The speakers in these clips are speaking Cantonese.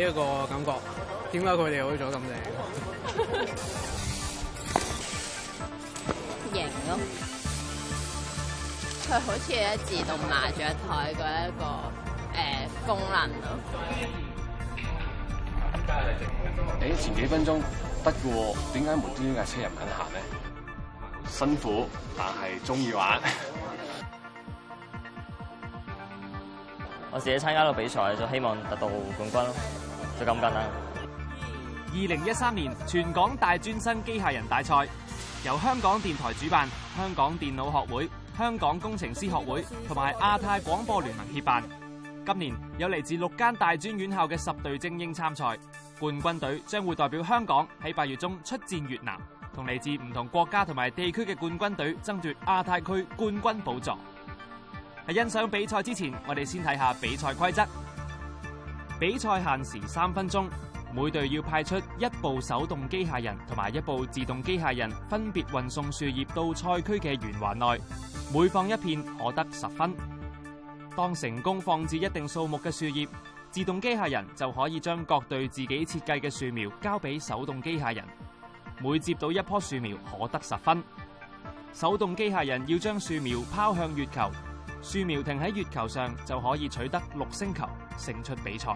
呢、這、一個感覺，點解佢哋好咗咁呢？贏 咯！ 佢好似自動麻雀台嘅一個誒、呃、功能咯。誒，前幾分鐘不嘅不過，點解無端端架車入唔敢行呢？辛苦，但係中意玩。 我自己參加個比賽，就希望得到冠軍咯。就咁啦！二零一三年全港大專生機械人大賽由香港電台主辦，香港電腦學會、香港工程師學會同埋亞太廣播聯盟協辦。今年有嚟自六間大專院校嘅十隊精英參賽，冠軍隊將會代表香港喺八月中出戰越南，同嚟自唔同國家同埋地區嘅冠軍隊爭奪亞太區冠軍寶座。喺欣賞比賽之前，我哋先睇下比賽規則。比賽限時三分鐘，每隊要派出一部手動機械人同埋一部自動機械人，分別運送樹葉到賽區嘅圓環內。每放一片可得十分。當成功放置一定數目嘅樹葉，自動機械人就可以將各隊自己設計嘅樹苗交俾手動機械人。每接到一棵樹苗可得十分。手動機械人要將樹苗拋向月球，樹苗停喺月球上就可以取得綠星球勝出比賽。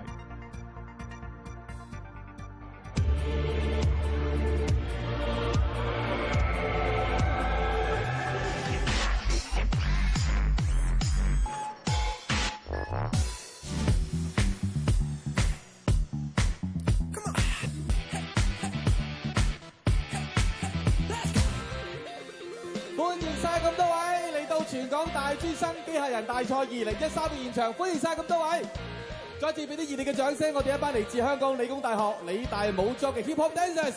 歡迎晒咁多位嚟到全港大專生機械人大賽二零一三嘅現場，歡迎晒咁多位。再一次俾啲熱烈嘅掌聲！我哋一班嚟自香港理工大學理大武作嘅 hip hop dancers，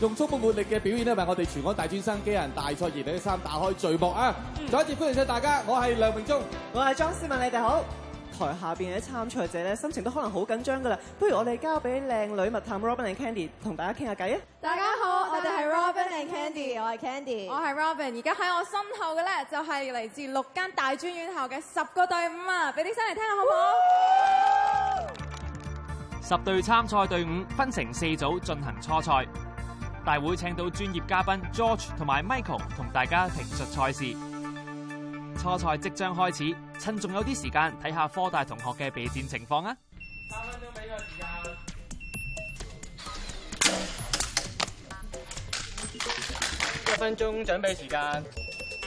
用充滿活力嘅表演咧，為我哋全港大專生機械人大賽二零一三打開序幕啊！再一次歡迎曬大家，我係梁明忠，我係莊思敏，你哋好。台下邊嘅啲參賽者咧，心情都可能好緊張噶啦。不如我哋交俾靚女密探 Robin and Candy 同大家傾下偈啊！大家好，我哋係 Robin and Candy，我係 Candy，我係 Robin。而家喺我身後嘅咧，就係嚟自六間大專院校嘅十個隊伍啊！俾啲聲嚟聽下好唔好？十隊參賽隊伍分成四組進行初賽，大會請到專業嘉賓 George 同埋 Michael 同大家評述賽事。初賽即將開始，趁仲有啲時間睇下科大同學嘅備戰情況啊！三分鐘畀個時間，一分鐘準備時間，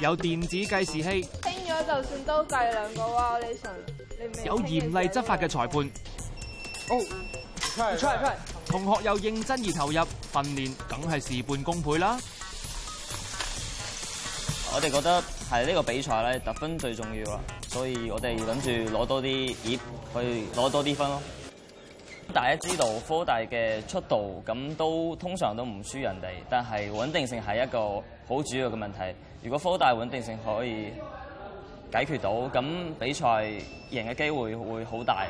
有電子計時器，輕咗就算都計兩個哇！你信？有嚴厲執法嘅裁判。哦、oh，出嚟出嚟，同學又認真而投入訓練，梗係事半功倍啦。我哋覺得係呢個比賽咧，得分最重要啦，所以我哋諗住攞多啲葉，去攞多啲分咯。大家知道科大嘅速度咁都通常都唔輸人哋，但係穩定性係一個好主要嘅問題。如果科大穩定性可以解決到，咁比賽贏嘅機會會好大。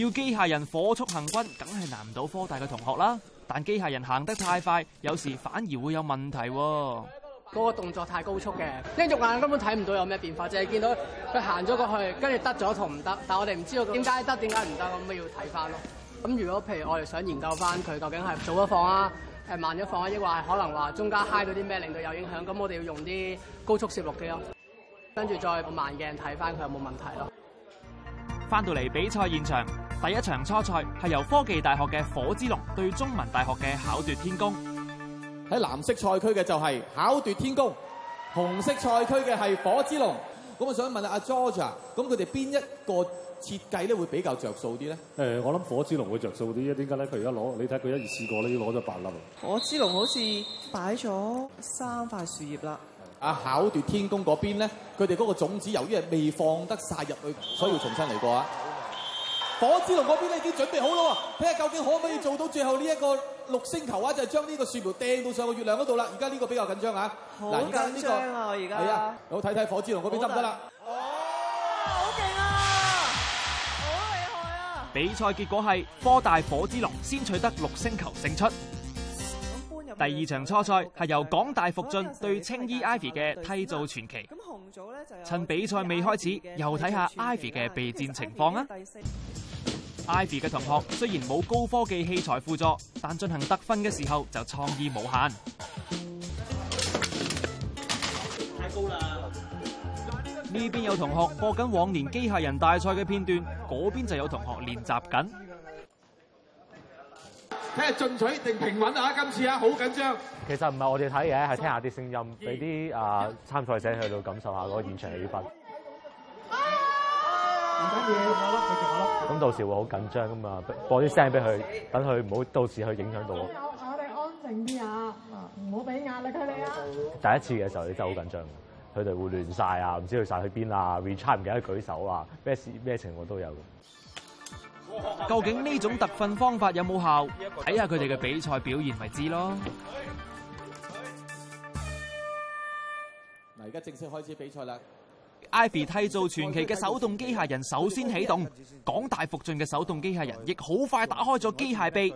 要機械人火速行軍，梗係難唔到科大嘅同學啦。但機械人行得太快，有時反而會有問題。嗰個動作太高速嘅，呢肉眼根本睇唔到有咩變化，淨係見到佢行咗過去，跟住得咗同唔得。但係我哋唔知道點解得，點解唔得，咁咪要睇翻咯。咁如果譬如我哋想研究翻佢究竟係早一放啊，係慢咗放啊，抑或係可能話中間嗨到啲咩令到有影響，咁我哋要用啲高速攝錄機咯，跟住再慢鏡睇翻佢有冇問題咯。翻到嚟比賽現場，第一場初賽係由科技大學嘅火之龍對中文大學嘅巧奪天工。喺藍色賽區嘅就係巧奪天工，紅色賽區嘅係火之龍。咁我想問下阿 Georgia 咁佢哋邊一個設計咧會比較着數啲咧？誒，我諗火之龍會着數啲，點解咧？佢而家攞，你睇佢一二、試過咧，已經攞咗八粒。火之龍好似擺咗三塊樹葉啦。啊！巧奪天工嗰邊咧，佢哋嗰個種子由於係未放得晒入去，所以要重新嚟過啊！火之龍嗰邊咧已經準備好啦，睇下究竟可唔可以做到最後呢一個綠星球啊！就將、是、呢個樹苗掟到上個月亮嗰度啦！而家呢個比較緊張啊，這個、啊！好緊張啊！而家係啊，我睇睇火之龍嗰邊得唔得啦？哦，好勁啊！好厲害啊！比賽結果係科大火之龍先取得綠星球，勝出。第二場初賽係由港大復進對青衣 IVE 嘅締造傳奇。趁比賽未開始，又睇下 IVE 嘅備戰情況啊！IVE 嘅同學雖然冇高科技器材輔助，但進行得分嘅時候就創意無限。太高啦！呢邊有同學播緊往年機械人大賽嘅片段，嗰邊就有同學練習緊。睇係進取定平穩啊！今次啊，好緊張。其實唔係我哋睇嘅，係聽下啲聲音，俾啲啊參賽者去到感受下嗰個現場氣氛。唔緊要，好啦，繼續啦。咁到時會好緊張噶嘛，播啲聲俾佢，等佢唔好到時去影響到。我哋安靜啲啊，唔好俾壓力佢哋啊。第一次嘅時候，你真係好緊張，佢哋會亂晒啊，唔知佢晒去邊啊 Richard 唔記得舉手啊，咩事咩情況都有。究竟呢種特訓方法有冇效？睇下佢哋嘅比賽表現咪知咯。嗱，而家正式開始比賽啦！IVE 締造傳奇嘅手動機械人首先啟動，港大復進嘅手動機械人亦好快打開咗機械臂。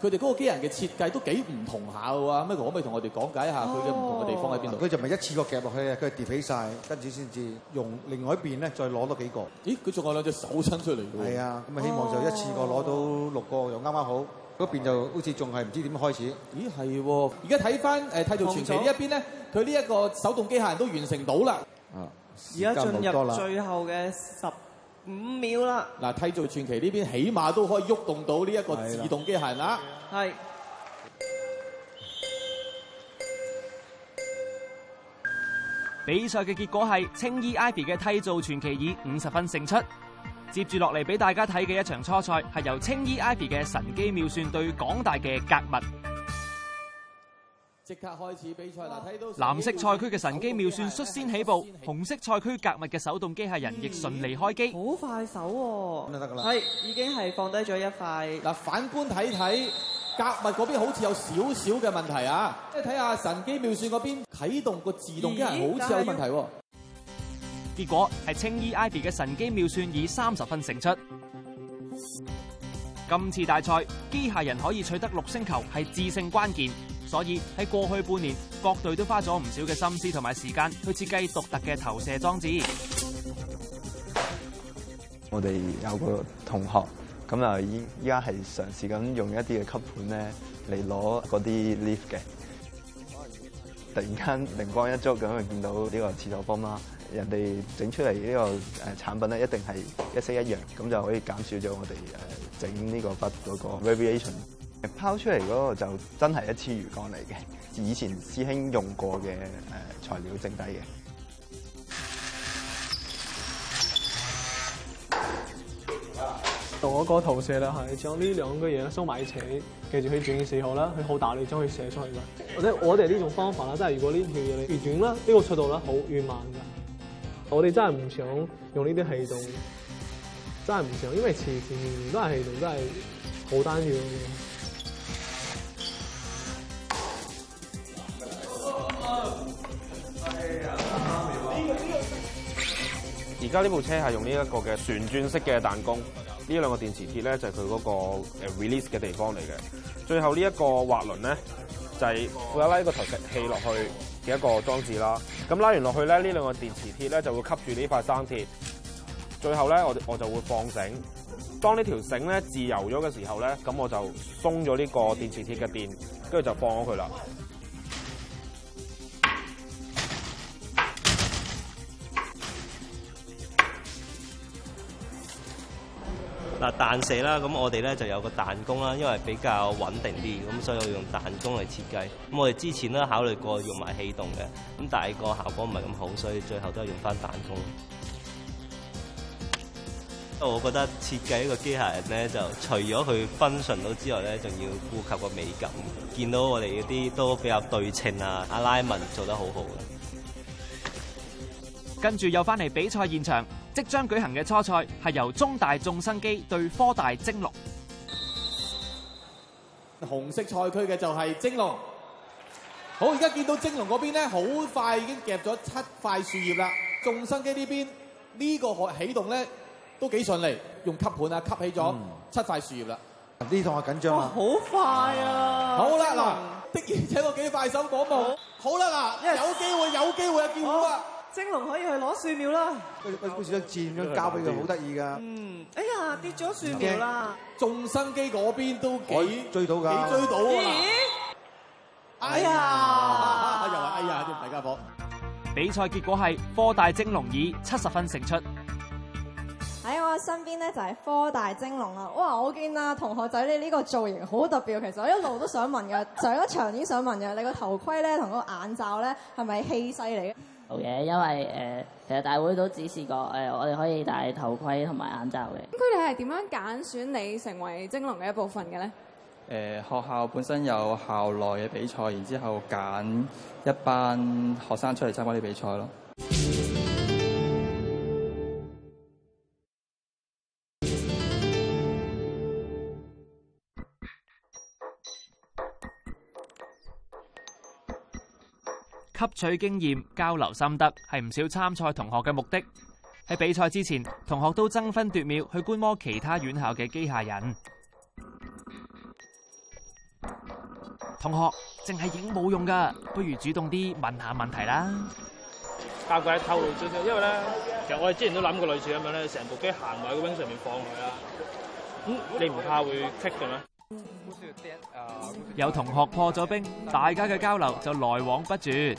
佢哋嗰個機人嘅設計都幾唔同下啊，喎 Michael 可唔可以同我哋講解一下佢嘅唔同嘅地方喺邊度？佢、哦嗯、就唔係一次過夾落去啊，佢跌起晒，跟住先至用另外一邊咧，再攞多幾個。咦？佢仲有兩隻手伸出嚟㗎。係啊，咁啊希望就一次過攞到六個，又啱啱好。嗰、哦、邊就好似仲係唔知點開始。咦係喎！而家睇翻誒《體造傳奇呢一邊咧，佢呢一個手動機械人都完成到啦。啊！而家進入最後嘅十。五秒啦！嗱，替造傳奇呢邊起碼都可以喐動到呢一個自動機械人啦。係比賽嘅結果係青衣 IVE 嘅替造傳奇以五十分勝出。接住落嚟俾大家睇嘅一場初賽係由青衣 IVE 嘅神機妙算對港大嘅格物。即刻開始比賽嗱，睇、啊、到藍色賽區嘅神機妙算率先起步，起步紅色賽區格物嘅手動機械人亦順利開機。好、嗯、快手喎、啊，咁就得噶啦。係已經係放低咗一塊。嗱，反觀睇睇格物嗰邊，好似有少少嘅問題啊。即係睇下神機妙算嗰邊啟動個自動機械人好似有問題、啊嗯。結果係青衣 IVE 嘅神機妙算以三十分勝出。今次大賽機械人可以取得六星球係致勝關鍵。所以喺過去半年，各隊都花咗唔少嘅心思同埋時間去設計獨特嘅投射裝置。我哋有個同學咁啊，依依家係嘗試緊用一啲嘅吸盤咧嚟攞嗰啲 leaf 嘅。突然間靈光一觸咁，見到呢個廁所泵啦。人哋整出嚟呢個誒產品咧，一定係一式一樣，咁就可以減少咗我哋誒整呢個筆嗰個 variation。拋出嚟嗰個就真係一支魚竿嚟嘅，以前師兄用過嘅誒材料剩低嘅。我個投射就係將呢兩個嘢收埋一齊，記住佢轉嘅時候咧，佢好大力將佢射出去嘅。或者我哋呢種方法啦，真係如果呢條嘢你越短啦，呢、呢個速度咧好越慢嘅。我哋真係唔想用呢啲氣動，真係唔想，因為前前前都係氣動，係真係好單調。而家呢部車係用呢一個嘅旋轉式嘅彈弓，呢兩個電磁鐵咧就係佢嗰個誒 release 嘅地方嚟嘅。最後呢一個滑輪咧就係負責拉呢個石器落去嘅一個裝置啦。咁拉完落去咧，呢兩個電磁鐵咧就會吸住呢塊生鐵。最後咧我我就會放繩。當呢條繩咧自由咗嘅時候咧，咁我就鬆咗呢個電磁鐵嘅電，跟住就放咗佢啦。嗱彈射啦，咁我哋咧就有個彈弓啦，因為比較穩定啲，咁所以用彈來設計，我用彈弓嚟設計。咁我哋之前都考慮過用埋氣動嘅，咁但係個效果唔係咁好，所以最後都係用翻彈弓。因為 我覺得設計一個機械人咧，就除咗佢 function 到之外咧，仲要顧及個美感。見到我哋嗰啲都比較對稱啊，阿拉文做得好好。跟住又翻嚟比賽現場。即將舉行嘅初賽係由中大眾生機對科大蒸龍，紅色賽區嘅就係蒸龍，好，而家見到蒸龍嗰邊咧，好快已經夾咗七塊樹葉啦。眾生機這邊、這個、呢邊呢個學啟動咧都幾順利，用吸盤啊吸起咗七塊樹葉啦。呢場啊緊張啊，好、哦、快啊，好啦嗱，的而且確幾快手廣播，好啦嗱、yes.，有機會有機會啊，見啊。蒸龍可以去攞樹苗啦，好似、嗯哎、都箭咗交俾佢，好得意噶。嗯，哎呀，跌咗樹苗啦。重生機嗰邊都幾追到㗎，幾追到啊！哎呀，又話哎呀，啲大家伙。比賽結果係科大蒸龍以七十分勝出。喺我身邊呢就係科大蒸龍啦。哇，我見啊同學仔你呢個造型好特別，其實我一路都想問嘅，上一場已經想問嘅，你個頭盔咧同個個眼罩咧係咪氣勢嚟嘅？做嘢，因為誒、呃，其實大會都指示過誒、呃，我哋可以戴頭盔同埋眼罩嘅。咁佢哋係點樣揀選，選你成為精龍嘅一部分嘅咧？誒、呃，學校本身有校內嘅比賽，然後之後揀一班學生出嚟參加啲比賽咯。取經驗、交流心得係唔少參賽同學嘅目的。喺比賽之前，同學都爭分奪秒去觀摩其他院校嘅機械人。同學淨係影冇用噶，不如主動啲問下問題啦。教鬼透露少因為咧，其實我哋之前都諗過類似咁樣咧，成部機行埋個冰上面放佢啦。你唔怕會 kick 嘅咩？有同學破咗冰，大家嘅交流就來往不絕。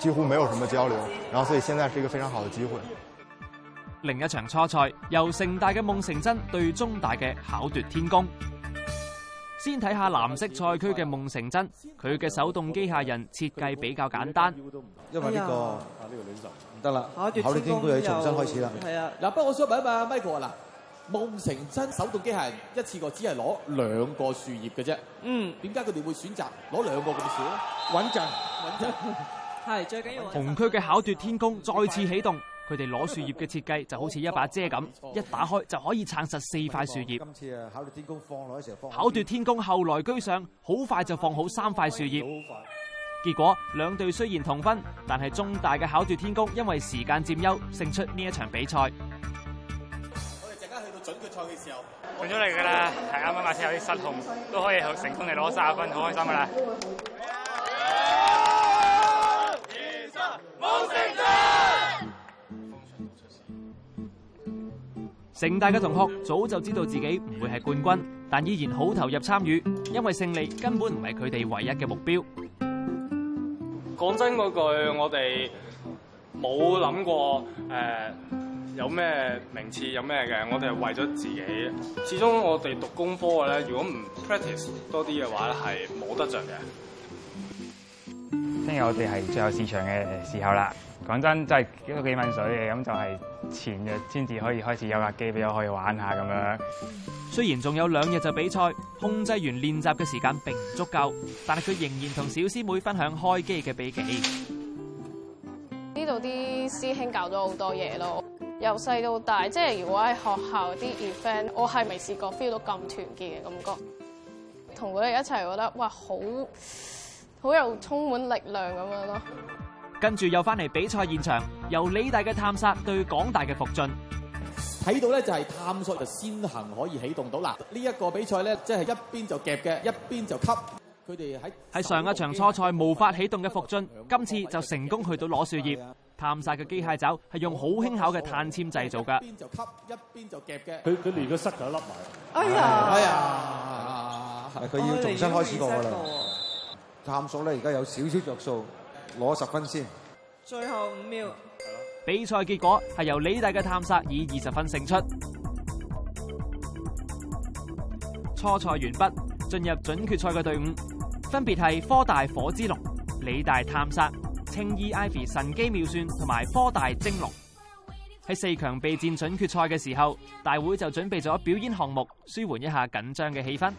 幾乎沒有什麼交流，然後所以現在是一個非常好的機會。另一場初賽由城大嘅夢成真對中大嘅巧奪天工。先睇下藍色賽區嘅夢成真，佢嘅手動機械人設計比較簡單。哎、因為呢、這個啊呢個女神唔得啦，巧奪天工又要重新開始啦。係啊。嗱，不過我想問一問，Michael 啊，嗱，夢成真手動機械人一次過只係攞兩個樹葉嘅啫。嗯。點解佢哋會選擇攞兩個咁少？穩陣，穩陣。紅區嘅巧奪天工再次起動，佢哋攞樹葉嘅設計就好似一把遮咁，一打開就可以撐實四塊樹葉。今次啊，巧奪天工放落嘅時候放，巧奪天工後來居上，好快就放好三塊樹葉。結果兩隊雖然同分，但係中大嘅巧奪天工因為時間佔優，勝出呢一場比賽。我哋陣間去到準決賽嘅時候，勝咗嚟噶啦，係啱啱有啲失控，都可以成功嚟攞三分，好開心噶啦。城大嘅同學早就知道自己唔會係冠軍，但依然好投入參與，因為勝利根本唔係佢哋唯一嘅目標。講真嗰句，我哋冇諗過誒、呃、有咩名次有咩嘅，我哋係為咗自己。始終我哋讀工科嘅咧，如果唔 practice 多啲嘅話咧，係冇得着嘅。聽日我哋係最後試場嘅時候啦。講真，真係幾蚊水嘅，咁就係前日先至可以開始有架機俾我可以玩下咁樣。雖然仲有兩日就比賽，控制員練習嘅時間並唔足夠，但係佢仍然同小師妹分享開機嘅秘技。呢度啲師兄教咗好多嘢咯，由細到大，即係如果喺學校啲 event，我係未試過 feel 到咁團結嘅感覺。同佢哋一齊，覺得哇，好好有充滿力量咁樣咯。跟住又翻嚟比賽現場，由理大嘅探索對港大嘅復進，睇到咧就係探索就先行可以啟動到啦。呢、這、一個比賽咧，即係一邊就夾嘅，一邊就吸。佢哋喺喺上一場初賽無法啟動嘅復進的的，今次就成功去到攞樹葉。啊、探索嘅機械爪係用好輕巧嘅碳纖製造㗎。一邊就吸，一邊就夾嘅。佢佢連個塞都粒埋。哎呀，哎呀，係、哎、佢、哎哎哎哎哎哎、要重新開始過啦。探索咧，而家有少少着數。攞十分先，最後五秒，比賽結果係由理大嘅探索以二十分勝出。初賽完畢，進入準決賽嘅隊伍分別係科大火之龍、理大探索、青衣 IVE 神機妙算同埋科大精龍。喺四強備戰準決賽嘅時候，大會就準備咗表演項目，舒緩一下緊張嘅氣氛。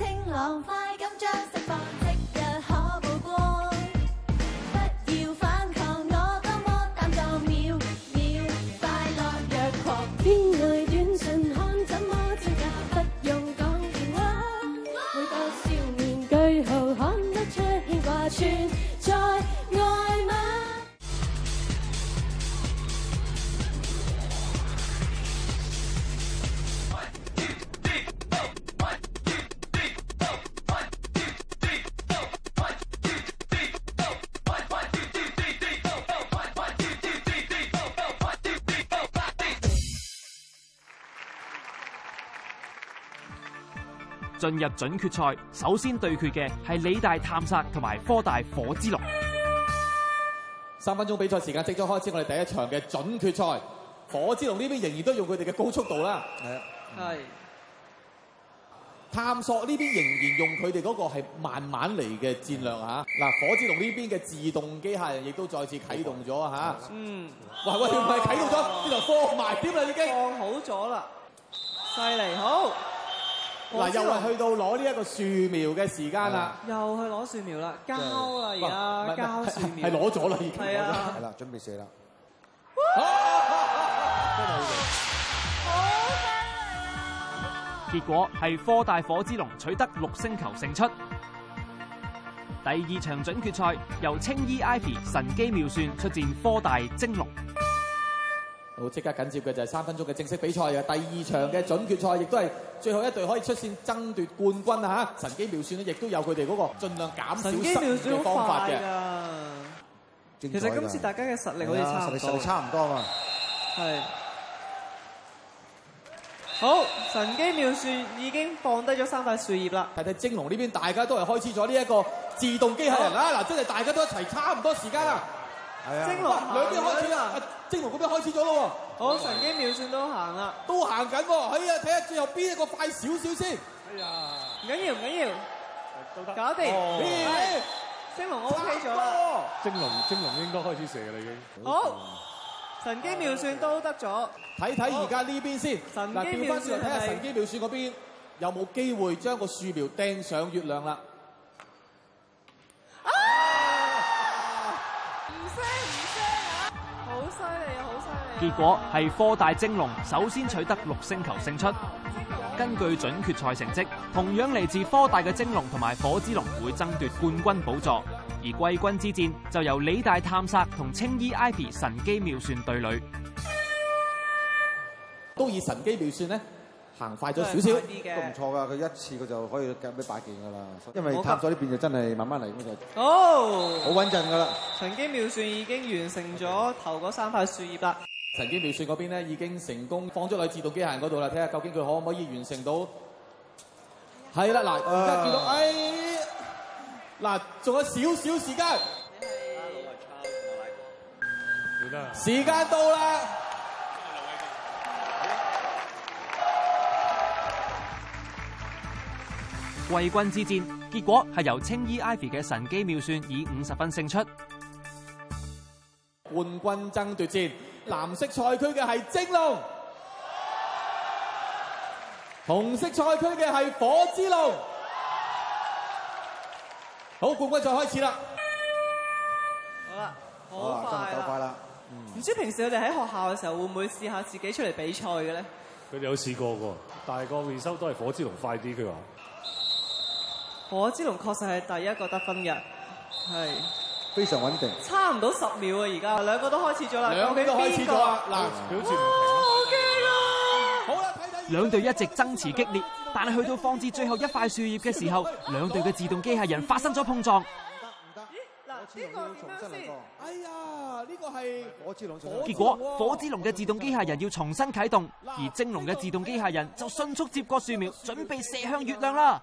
天進入準決賽，首先對決嘅係理大探索同埋科大火之龍。三分鐘比賽時間即將開始，我哋第一場嘅準決賽，火之龍呢邊仍然都用佢哋嘅高速度啦。係，探索呢邊仍然用佢哋嗰個係慢慢嚟嘅戰略吓。嗱、啊，火之龍呢邊嘅自動機械人亦都再次啟動咗吓。嗯，喂喂，唔係啟動咗，呢台科埋添啦，已經放好咗啦，犀利好，好。嗱，又係去到攞呢一個樹苗嘅時間啦、啊，又去攞樹苗啦，交啦，而家交樹苗，係攞咗啦，已經係啦、啊，準備射啦、啊啊啊啊，這個啊！結果係科大火之龍取得六星球勝出。第二場準決賽由青衣 Ivy 神機妙算出戰科大精龍。好，即刻緊接嘅就係三分鐘嘅正式比賽嘅第二場嘅準決賽，亦都係最後一隊可以出線爭奪冠軍啊！嚇，神機妙算呢，亦都有佢哋嗰個，盡量減少失嘅方法嘅。其實今次大家嘅實力好似差唔多。實力實力差唔多啊係。好，神機妙算已經放低咗三塊樹葉啦。睇睇蒸龍呢邊，大家都係開始咗呢一個自動機械人啦，嗱，真係大家都一齊差唔多時間啦。係啊，精龍兩邊開始啦，精龍嗰邊開始咗咯，好神機妙算都行啦，都行緊，哎呀，睇下最後邊一個快少少先，哎呀，唔緊要唔緊要，都得，搞掂，精龍 O K 咗啦，精龍精龍應該開始射㗎啦已經，好，神機妙算都得咗，睇睇而家呢邊先，神機妙算係，變翻轉嚟睇下神機妙算嗰邊有冇機會將個樹苗掟上月亮啦。好犀利啊！好犀利！結果係科大蒸龍首先取得六星球勝出。根據準決賽成績，同樣嚟自科大嘅蒸龍同埋火之龍會爭奪冠軍寶座，而季軍之戰就由理大探殺同青衣 IVE 神機妙算對壘。都以神機妙算呢？行快咗少少，都唔錯噶。佢一次佢就可以夾咗百件㗎啦。因為塌咗呢邊就真係慢慢嚟咁就。哦，好穩陣㗎啦。神機妙算已經完成咗頭嗰三塊樹葉啦。神機妙算嗰邊咧已經成功放咗落去自動機械人嗰度啦，睇下究竟佢可唔可以完成到了？係啦，嗱，而家見到，哎，嗱，仲有少少時間間。時間到啦！季軍之戰結果係由青衣 Ivy 嘅神機妙算以五十分勝出。冠軍爭奪戰，藍色賽區嘅係蒸龍，紅色賽區嘅係火之龍。好，冠軍再開始啦。好啦，好快了，真係好快啦。唔、嗯、知平時我哋喺學校嘅時候會唔會試下自己出嚟比賽嘅咧？佢哋有試過噶，大個維修都係火之龍快啲，佢話。火之龍確實係第一個得分嘅，係非常穩定。差唔多十秒啊！而家兩個都開始咗啦，究竟邊個？兩隊、啊、一直爭持激烈，啊、但係去到放置最後一塊樹葉嘅時候，兩隊嘅自動機械人發生咗碰撞。唔得唔得！嗱，呢、啊這個要重新嚟過。哎呀，呢、這個係火之龍。結果火之龍嘅自動機械人要重新啟動，啊、而精龍嘅自動機械人就迅速接過樹苗、啊這個這個，準備射向月亮啦。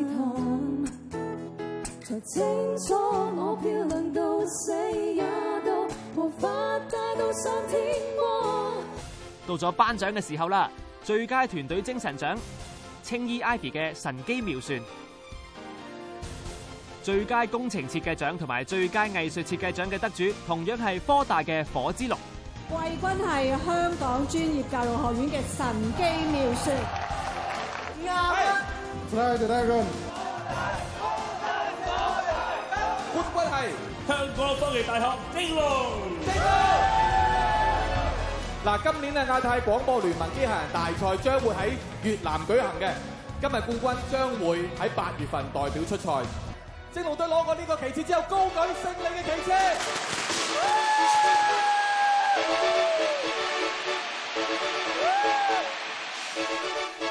清我到咗頒獎嘅時候啦，最佳團隊精神獎，青衣 IVE 嘅神機妙算；最佳工程設計獎同埋最佳藝術設計獎嘅得主，同樣係科大嘅火之龍。季軍係香港專業教育學院嘅神機妙算。理工大學精路隊，嗱，今年啊，亞太廣播聯盟機械人大賽將會喺越南舉行嘅，今日冠軍將會喺八月份代表出賽，精路隊攞過呢個旗幟之後，高舉勝利嘅旗幟。